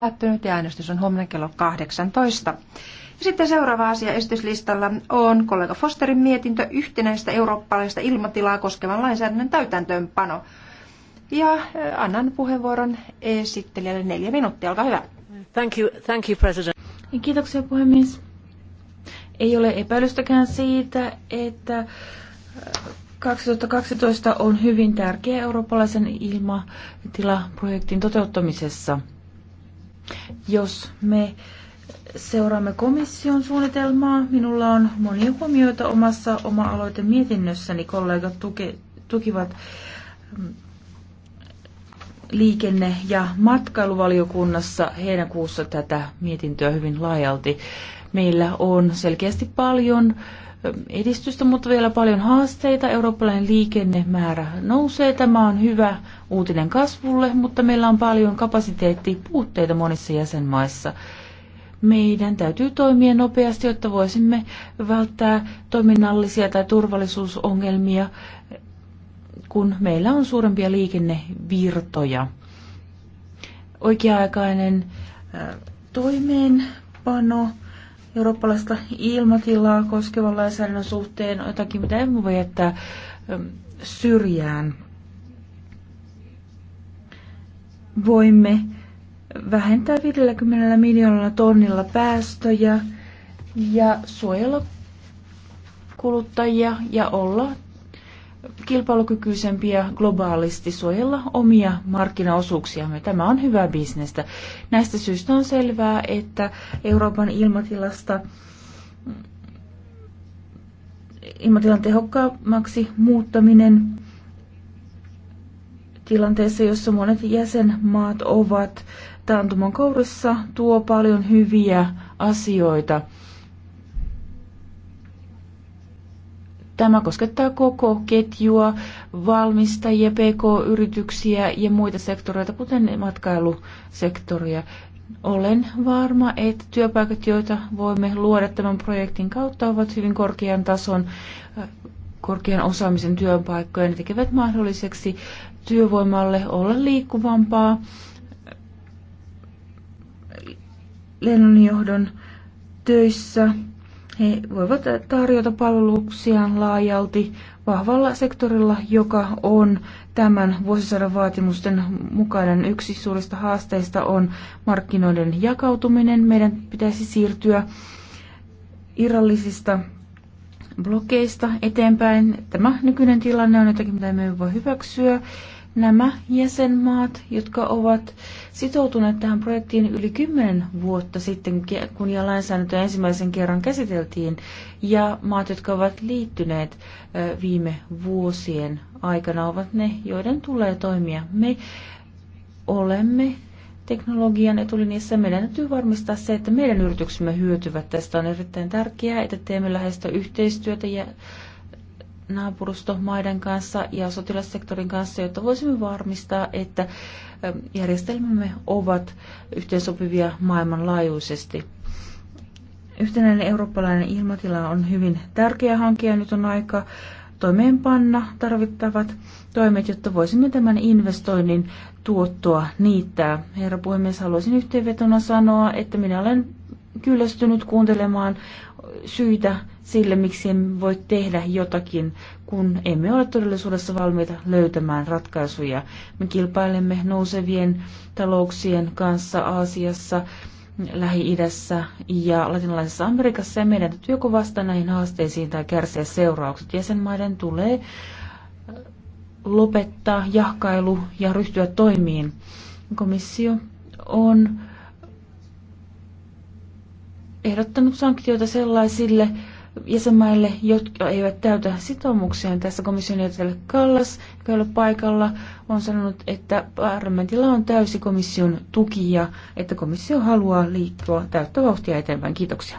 päättynyt ja äänestys on huomenna kello 18. Ja sitten seuraava asia esityslistalla on kollega Fosterin mietintö yhtenäistä eurooppalaista ilmatilaa koskevan lainsäädännön täytäntöönpano. Ja äh, annan puheenvuoron esittelijälle neljä minuuttia, olkaa hyvä. Thank you, thank you, president. Kiitoksia puhemies. Ei ole epäilystäkään siitä, että 2012 äh, on hyvin tärkeä eurooppalaisen ilmatilaprojektin toteuttamisessa – jos me seuraamme komission suunnitelmaa, minulla on monia huomioita omassa oma-aloite mietinnössäni. Kollegat tuke, tukivat mm, liikenne- ja matkailuvaliokunnassa heinäkuussa tätä mietintöä hyvin laajalti. Meillä on selkeästi paljon äh, edistystä, mutta vielä paljon haasteita. Eurooppalainen liikennemäärä nousee. Tämä on hyvä uutinen kasvulle, mutta meillä on paljon kapasiteettipuutteita monissa jäsenmaissa. Meidän täytyy toimia nopeasti, jotta voisimme välttää toiminnallisia tai turvallisuusongelmia, kun meillä on suurempia liikennevirtoja. Oikea-aikainen toimeenpano eurooppalaista ilmatilaa koskevan lainsäädännön suhteen jotakin, mitä emme voi jättää ähm, syrjään. Voimme vähentää 50 miljoonalla tonnilla päästöjä ja suojella kuluttajia ja olla kilpailukykyisempiä globaalisti suojella omia markkinaosuuksiamme. Tämä on hyvää bisnestä. Näistä syistä on selvää, että Euroopan ilmatilasta ilmatilan tehokkaammaksi muuttaminen tilanteessa, jossa monet jäsenmaat ovat taantuman kourissa, tuo paljon hyviä asioita. Tämä koskettaa koko ketjua, valmistajia, pk-yrityksiä ja muita sektoreita, kuten matkailusektoria. Olen varma, että työpaikat, joita voimme luoda tämän projektin kautta, ovat hyvin korkean tason, korkean osaamisen työpaikkoja. Ne tekevät mahdolliseksi työvoimalle olla liikkuvampaa lennonjohdon töissä he voivat tarjota palveluksia laajalti vahvalla sektorilla, joka on tämän vuosisadan vaatimusten mukainen. Yksi suurista haasteista on markkinoiden jakautuminen. Meidän pitäisi siirtyä irrallisista blokeista eteenpäin. Tämä nykyinen tilanne on jotakin, mitä me ei voi hyväksyä nämä jäsenmaat, jotka ovat sitoutuneet tähän projektiin yli kymmenen vuotta sitten, kun ja lainsäädäntö ensimmäisen kerran käsiteltiin, ja maat, jotka ovat liittyneet viime vuosien aikana, ovat ne, joiden tulee toimia. Me olemme teknologian etulinjassa. Meidän täytyy varmistaa se, että meidän yrityksemme hyötyvät. Tästä on erittäin tärkeää, että teemme läheistä yhteistyötä ja naapurustomaiden kanssa ja sotilassektorin kanssa, jotta voisimme varmistaa, että järjestelmämme ovat yhteensopivia maailmanlaajuisesti. Yhtenäinen eurooppalainen ilmatila on hyvin tärkeä hanke ja nyt on aika toimeenpanna tarvittavat toimet, jotta voisimme tämän investoinnin tuottoa niittää. Herra puhemies, haluaisin yhteenvetona sanoa, että minä olen kyllästynyt kuuntelemaan syitä sille, miksi emme voi tehdä jotakin, kun emme ole todellisuudessa valmiita löytämään ratkaisuja. Me kilpailemme nousevien talouksien kanssa Aasiassa, Lähi-idässä ja latinalaisessa Amerikassa ja meidän täytyy joko vastata näihin haasteisiin tai kärsiä seuraukset. Jäsenmaiden tulee lopettaa jahkailu ja ryhtyä toimiin. Komissio on ehdottanut sanktioita sellaisille jäsenmaille, jotka eivät täytä sitoumuksia. Tässä komission jäsenelle Kallas, joka ei ole paikalla, on sanonut, että parlamentilla on täysi komission tuki ja että komissio haluaa liittyä täyttä vauhtia eteenpäin. Kiitoksia.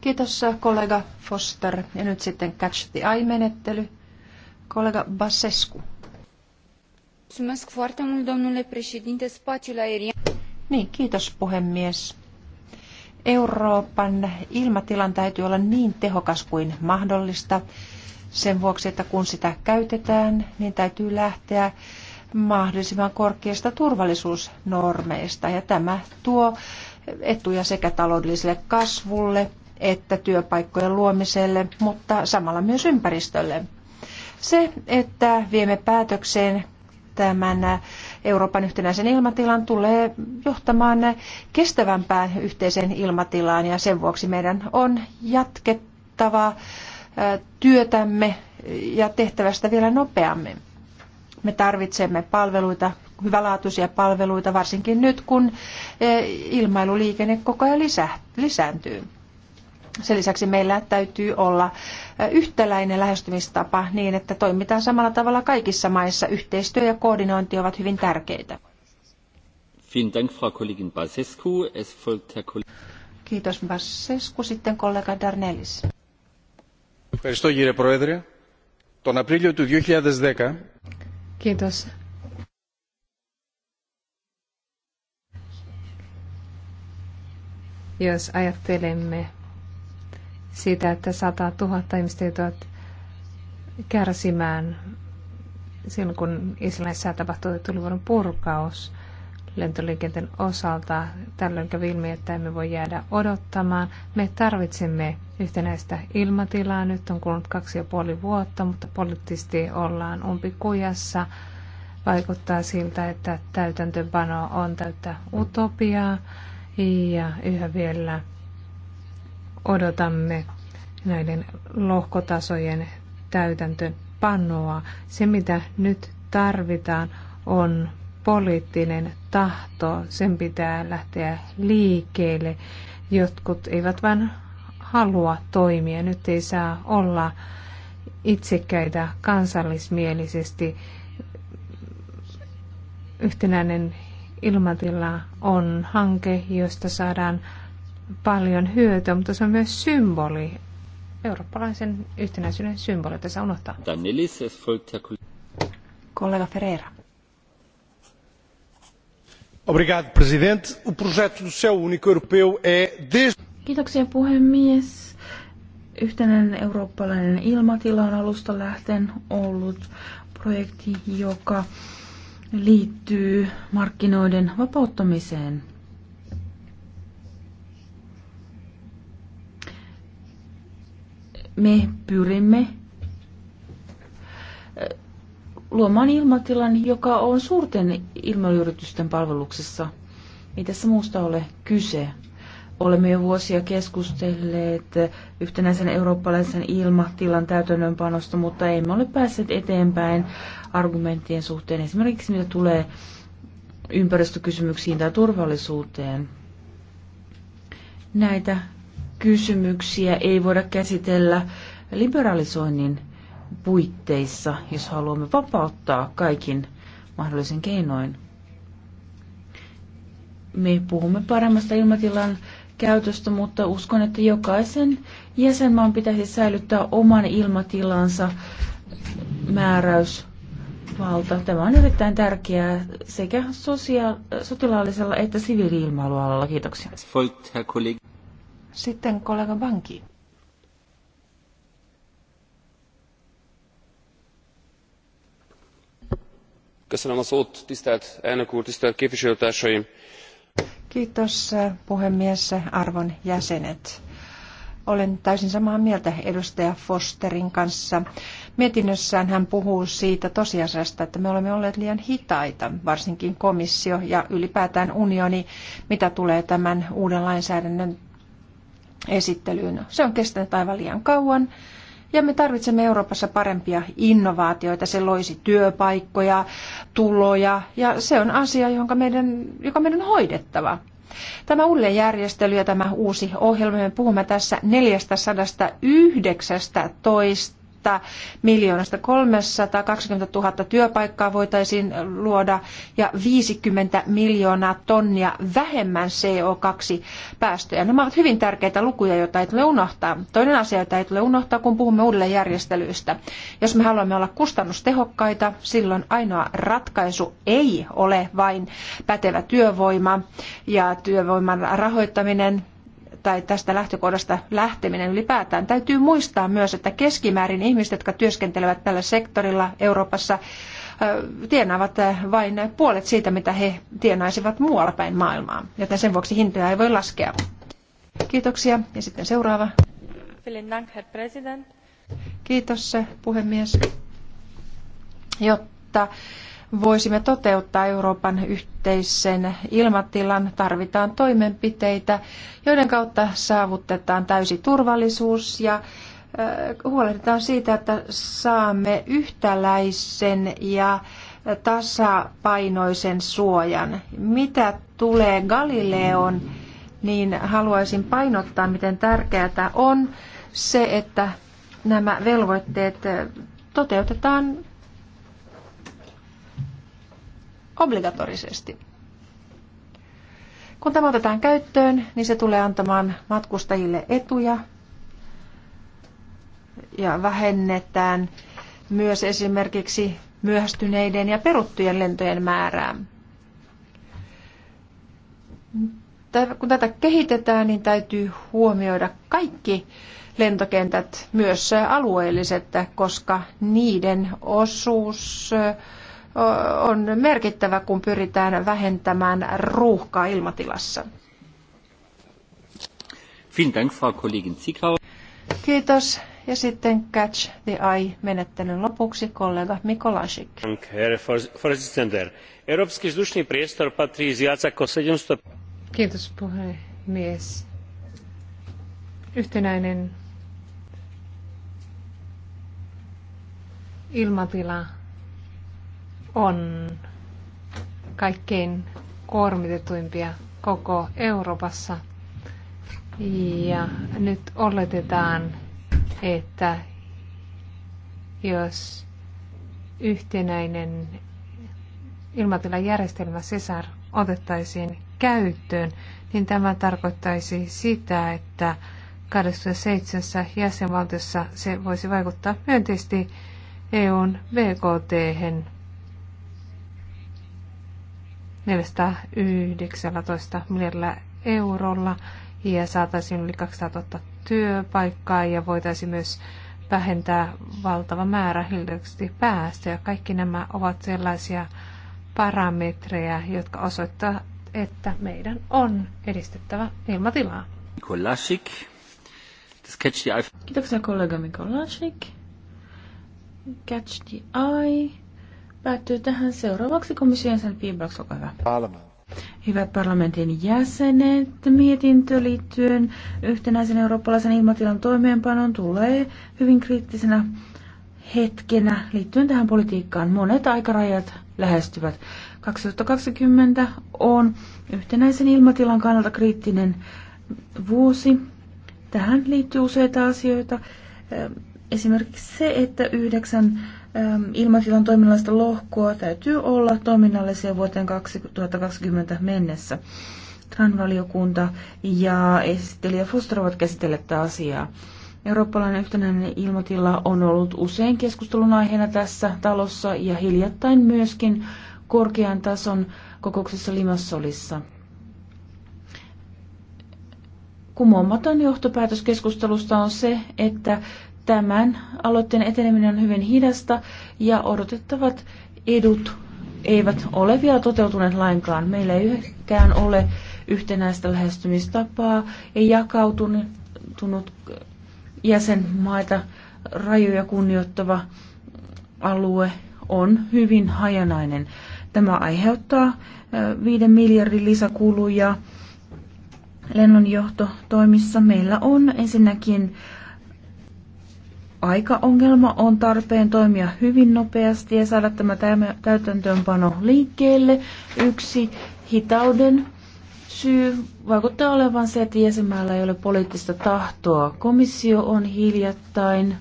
Kiitos kollega Foster. Ja nyt sitten Catch the Eye-menettely. Kollega Basescu. Mulțumesc foarte mult, domnule președinte, spațiul aerian. Niin, kiitos puhemies Euroopan ilmatilan täytyy olla niin tehokas kuin mahdollista sen vuoksi, että kun sitä käytetään, niin täytyy lähteä mahdollisimman korkeista turvallisuusnormeista. Ja tämä tuo etuja sekä taloudelliselle kasvulle että työpaikkojen luomiselle, mutta samalla myös ympäristölle. Se, että viemme päätökseen tämän Euroopan yhtenäisen ilmatilan tulee johtamaan kestävämpään yhteiseen ilmatilaan ja sen vuoksi meidän on jatkettava työtämme ja tehtävästä vielä nopeammin. Me tarvitsemme palveluita, hyvälaatuisia palveluita, varsinkin nyt kun ilmailuliikenne koko ajan lisääntyy. Sen lisäksi meillä täytyy olla yhtäläinen lähestymistapa niin, että toimitaan samalla tavalla kaikissa maissa. Yhteistyö ja koordinointi ovat hyvin tärkeitä. Kiitos Basescu. Sitten kollega Darnelis. Ευχαριστώ κύριε Πρόεδρε. 2010... Kiitos. Jos ajattelemme siitä, että 100 000 ihmistä joutuvat kärsimään silloin, kun Israelissa tapahtui tulivuoron purkaus lentoliikenteen osalta. Tällöin kävi ilmi, että emme voi jäädä odottamaan. Me tarvitsemme yhtenäistä ilmatilaa. Nyt on kulunut kaksi ja puoli vuotta, mutta poliittisesti ollaan umpikujassa. Vaikuttaa siltä, että täytäntöpano on täyttä utopiaa ja yhä vielä odotamme näiden lohkotasojen täytäntöön panoa. Se, mitä nyt tarvitaan, on poliittinen tahto. Sen pitää lähteä liikkeelle. Jotkut eivät vain halua toimia. Nyt ei saa olla itsekkäitä kansallismielisesti. Yhtenäinen ilmatila on hanke, josta saadaan paljon hyötyä, mutta se on myös symboli, eurooppalaisen yhtenäisyyden symboli, jota saa unohtaa. Kollega Ferreira. Obrigado, presidente. O projeto do céu único europeu é desde... Kiitoksia puhemies. Yhtenäinen eurooppalainen ilmatila on alusta lähten ollut projekti, joka liittyy markkinoiden vapauttamiseen. me pyrimme luomaan ilmatilan, joka on suurten ilmailuyritysten palveluksessa. Ei tässä muusta ole kyse. Olemme jo vuosia keskustelleet yhtenäisen eurooppalaisen ilmatilan täytännönpanosta, mutta emme ole päässeet eteenpäin argumenttien suhteen, esimerkiksi mitä tulee ympäristökysymyksiin tai turvallisuuteen. Näitä kysymyksiä ei voida käsitellä liberalisoinnin puitteissa, jos haluamme vapauttaa kaikin mahdollisen keinoin. Me puhumme paremmasta ilmatilan käytöstä, mutta uskon, että jokaisen jäsenmaan pitäisi säilyttää oman ilmatilansa Valta. Tämä on erittäin tärkeää sekä sosia- sotilaallisella että siviili-ilmailualalla. Kiitoksia. Sitten kollega Banki. tisztelt elnök úr tisztelt képviselőtársaim! kiitos puhemies arvon jäsenet olen täysin samaa mieltä edustaja fosterin kanssa. mietinnössään hän puhuu siitä tosiasiasta että me olemme olleet liian hitaita varsinkin komissio ja ylipäätään unioni mitä tulee tämän uuden lainsäädännön esittelyyn. Se on kestänyt aivan liian kauan ja me tarvitsemme Euroopassa parempia innovaatioita. Se loisi työpaikkoja, tuloja ja se on asia, jonka meidän, joka meidän on hoidettava. Tämä järjestely ja tämä uusi ohjelma, me puhumme tässä 419 miljoonasta 320 000 työpaikkaa voitaisiin luoda ja 50 miljoonaa tonnia vähemmän CO2-päästöjä. Nämä ovat hyvin tärkeitä lukuja, joita ei tule unohtaa. Toinen asia, jota ei tule unohtaa, kun puhumme uudelleenjärjestelyistä. Jos me haluamme olla kustannustehokkaita, silloin ainoa ratkaisu ei ole vain pätevä työvoima ja työvoiman rahoittaminen tai tästä lähtökohdasta lähteminen ylipäätään. Täytyy muistaa myös, että keskimäärin ihmiset, jotka työskentelevät tällä sektorilla Euroopassa, tienaavat vain puolet siitä, mitä he tienaisivat muualla päin maailmaa, joten sen vuoksi hintoja ei voi laskea. Kiitoksia. Ja sitten seuraava. Kiitos puhemies. Jotta voisimme toteuttaa Euroopan yhteisen ilmatilan, tarvitaan toimenpiteitä, joiden kautta saavutetaan täysi turvallisuus ja huolehditaan siitä, että saamme yhtäläisen ja tasapainoisen suojan. Mitä tulee Galileon, niin haluaisin painottaa, miten tärkeää on se, että nämä velvoitteet toteutetaan obligatorisesti. Kun tämä otetaan käyttöön, niin se tulee antamaan matkustajille etuja ja vähennetään myös esimerkiksi myöhästyneiden ja peruttujen lentojen määrää. Kun tätä kehitetään, niin täytyy huomioida kaikki lentokentät, myös alueelliset, koska niiden osuus on merkittävä, kun pyritään vähentämään ruuhkaa ilmatilassa. Kiitos. Ja sitten Catch the Eye-menettelyn lopuksi kollega Mikolasik. Europski Kiitos puhemies. Yhtenäinen ilmatila on kaikkein kuormitetuimpia koko Euroopassa. Ja nyt oletetaan, että jos yhtenäinen ilmatilajärjestelmä CESAR otettaisiin käyttöön, niin tämä tarkoittaisi sitä, että 27 jäsenvaltiossa se voisi vaikuttaa myönteisesti EUn BKT. -hen. 419 miljardilla eurolla ja saataisiin yli 200 000 työpaikkaa ja voitaisiin myös vähentää valtava määrä hiilidioksidipäästöjä. Kaikki nämä ovat sellaisia parametreja, jotka osoittavat, että meidän on edistettävä ilmatilaa. Kolasik. Kiitoksia kollega Mikolasik. Catch the Eye päättyy tähän. Seuraavaksi komission jäsen Piibraks, olkaa hyvä. Hyvät parlamentin jäsenet, mietintö liittyen yhtenäisen eurooppalaisen ilmatilan toimeenpanoon tulee hyvin kriittisenä hetkenä liittyen tähän politiikkaan. Monet aikarajat lähestyvät. 2020 on yhtenäisen ilmatilan kannalta kriittinen vuosi. Tähän liittyy useita asioita. Esimerkiksi se, että yhdeksän ilmatilan toiminnallista lohkoa täytyy olla toiminnallisia vuoteen 2020 mennessä. TRAN-valiokunta ja esittelijä Foster ovat käsitelleet asiaa. Eurooppalainen yhtenäinen ilmatila on ollut usein keskustelun aiheena tässä talossa ja hiljattain myöskin korkean tason kokouksessa Limassolissa. Kumoamaton johtopäätös keskustelusta on se, että tämän aloitteen eteneminen on hyvin hidasta ja odotettavat edut eivät ole vielä toteutuneet lainkaan. Meillä ei yhäkään ole yhtenäistä lähestymistapaa, ei jakautunut jäsenmaita rajoja kunnioittava alue on hyvin hajanainen. Tämä aiheuttaa viiden miljardin lisäkuluja lennonjohtotoimissa. Meillä on ensinnäkin aikaongelma on tarpeen toimia hyvin nopeasti ja saada tämä täytäntöönpano liikkeelle. Yksi hitauden syy vaikuttaa olevan se, että jäsenmäellä ei ole poliittista tahtoa. Komissio on hiljattain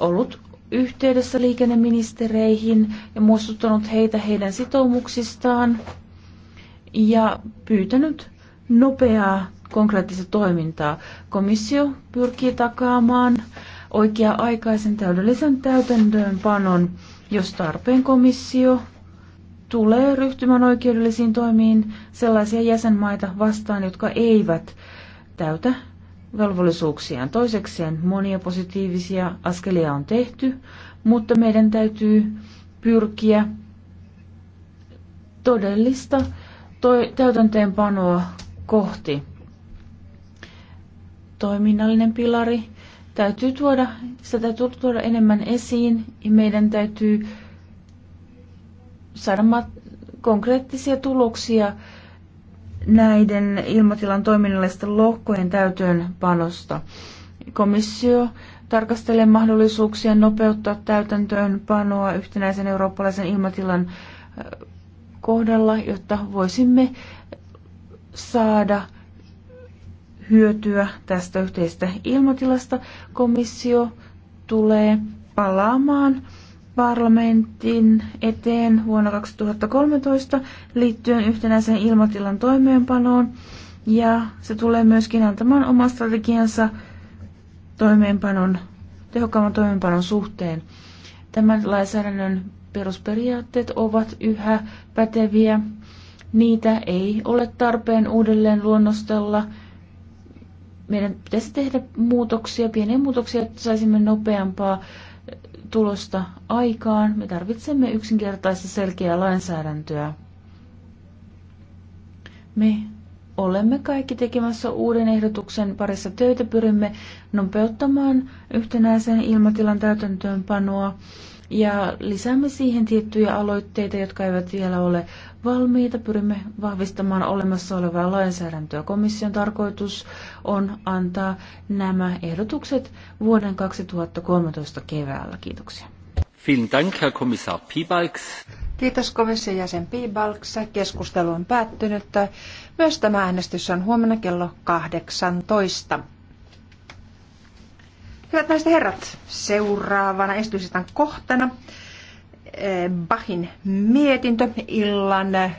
ollut yhteydessä liikenneministereihin ja muistuttanut heitä heidän sitoumuksistaan ja pyytänyt nopeaa konkreettista toimintaa. Komissio pyrkii takaamaan oikea-aikaisen täydellisen täytäntöönpanon, jos tarpeen komissio tulee ryhtymään oikeudellisiin toimiin sellaisia jäsenmaita vastaan, jotka eivät täytä velvollisuuksiaan. Toisekseen monia positiivisia askelia on tehty, mutta meidän täytyy pyrkiä todellista toi, täytäntöönpanoa kohti. Toiminnallinen pilari täytyy tuoda, sitä täytyy tuoda enemmän esiin ja meidän täytyy saada konkreettisia tuloksia näiden ilmatilan toiminnallisten lohkojen täytyyn panosta. Komissio tarkastelee mahdollisuuksia nopeuttaa täytäntöönpanoa yhtenäisen eurooppalaisen ilmatilan äh, kohdalla, jotta voisimme saada hyötyä tästä yhteisestä ilmatilasta. Komissio tulee palaamaan parlamentin eteen vuonna 2013 liittyen yhtenäiseen ilmatilan toimeenpanoon ja se tulee myöskin antamaan oma strategiansa toimeenpanon, tehokkaamman toimeenpanon suhteen. Tämän lainsäädännön perusperiaatteet ovat yhä päteviä. Niitä ei ole tarpeen uudelleen luonnostella – meidän pitäisi tehdä muutoksia, pieniä muutoksia, että saisimme nopeampaa tulosta aikaan. Me tarvitsemme yksinkertaista selkeää lainsäädäntöä. Me olemme kaikki tekemässä uuden ehdotuksen parissa töitä. Pyrimme nopeuttamaan yhtenäisen ilmatilan täytäntöönpanoa ja lisäämme siihen tiettyjä aloitteita, jotka eivät vielä ole valmiita. Pyrimme vahvistamaan olemassa olevaa lainsäädäntöä. Komission tarkoitus on antaa nämä ehdotukset vuoden 2013 keväällä. Kiitoksia. Vielen Dank, Herr Kommissar Piebalgs. Kiitos komission jäsen Piibalks. Keskustelu on päättynyt. Myös tämä äänestys on huomenna kello 18. Hyvät naiset ja herrat, seuraavana esitysistan kohtana eh, Bachin mietintö illan eh,